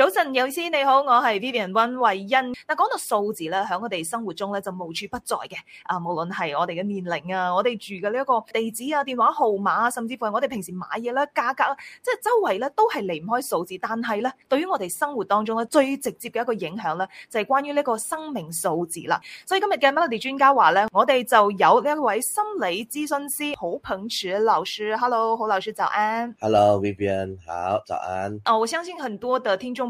早晨，有師你好，我係 Vivian 溫慧欣。嗱，講到數字咧，喺我哋生活中咧就無處不在嘅。啊，無論係我哋嘅年齡啊，我哋住嘅呢一個地址啊、電話號碼啊，甚至乎係我哋平時買嘢咧、價格啊，即係周圍咧都係離唔開數字。但係咧，對於我哋生活當中咧最直接嘅一個影響咧，就係關於呢個生命數字啦。所以今日嘅 Melody 專家話咧，我哋就有呢一位心理諮詢師好朋友老師，Hello，好，老師早安。Hello，Vivian，好，早安。哦，我相信很多的聽眾。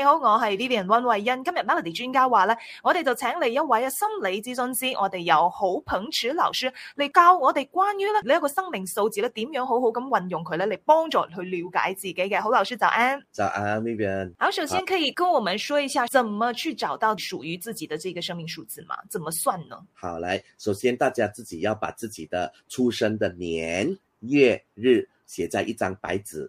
你好，我係 Vivian 温慧欣。今日 Melody 專家話咧，我哋就請嚟一位啊心理諮詢師，我哋有好捧主老師嚟教我哋關於咧你一個生命數字咧點樣好好咁運用佢咧嚟幫助去了解自己嘅。好，老師就安就安 Vivian。Viv 好，首先可以跟我們說一下，怎麼去找到屬於自己的這個生命數字嘛？怎麼算呢？好,好，來，首先大家自己要把自己的出生的年月日寫在一張白紙。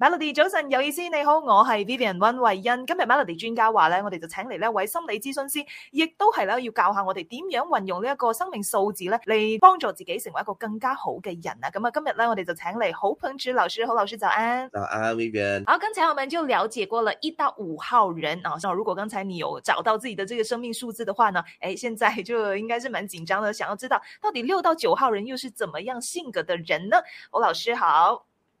Melody，早晨有意思，你好，我是 Vivian 溫慧恩。今日 Melody 專家話呢，我哋就請嚟呢位心理諮詢師，亦都係要教下我哋點樣運用呢一個生命數字呢，嚟幫助自己成為一個更加好嘅人啊！咁啊，今日呢，我哋就請嚟侯朋池老師。侯老師早安。早安 Vivian。Viv 好，剛才我們就了解過了一到五號人啊，如果剛才你有找到自己的這個生命數字的話呢，誒、哎，現在就應該是蠻緊張的，想要知道到底六到九號人又是怎麼樣性格的人呢？侯老師好。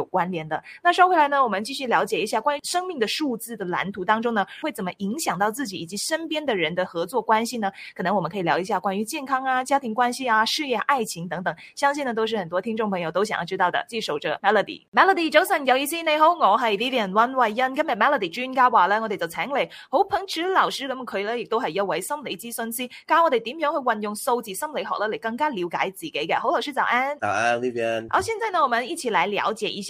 有關聯的。那說回來呢，我們繼續了解一下關於生命的數字的藍圖當中呢，會怎麼影響到自己以及身邊的人的合作關係呢？可能我們可以聊一下關於健康啊、家庭關係啊、事業、啊、愛情等等，相信呢都是很多聽眾朋友都想要知道的。記守着 Melody，Melody j mel o 有意 s 你好，我是 Vivian Runway。今日 Melody 專家話呢，我哋就請嚟好 p u 老師，咁佢呢亦都係一位心理諮詢師，教我哋點樣去運用數字心理學呢嚟更加了解自己嘅。好，老師早安，早安 Vivian。好，現在呢，我們一起來了解一下。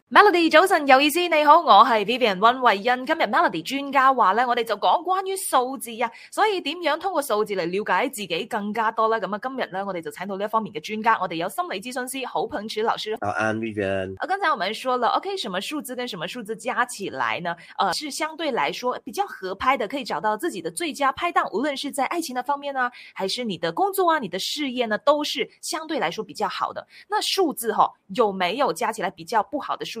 Melody 早晨有意思，你好，我係 Vivian 溫慧欣。今日 Melody 專家話咧，我哋就講關於數字啊，所以點樣通過數字嚟了解自己更加多啦。咁啊，今日咧我哋就請到呢一方面嘅專家，我哋有心理諮詢師侯鵬池老師。好、oh, 啊，安 Vivian。我剛才我們說了，OK，什麼數字跟什麼數字加起來呢？呃，是相對來說比較合拍的，可以找到自己的最佳拍檔，無論是在愛情嘅方面啊，還是你的工作啊、你的事業呢，都是相對來說比較好的。那數字吼、啊、有沒有加起來比較不好的數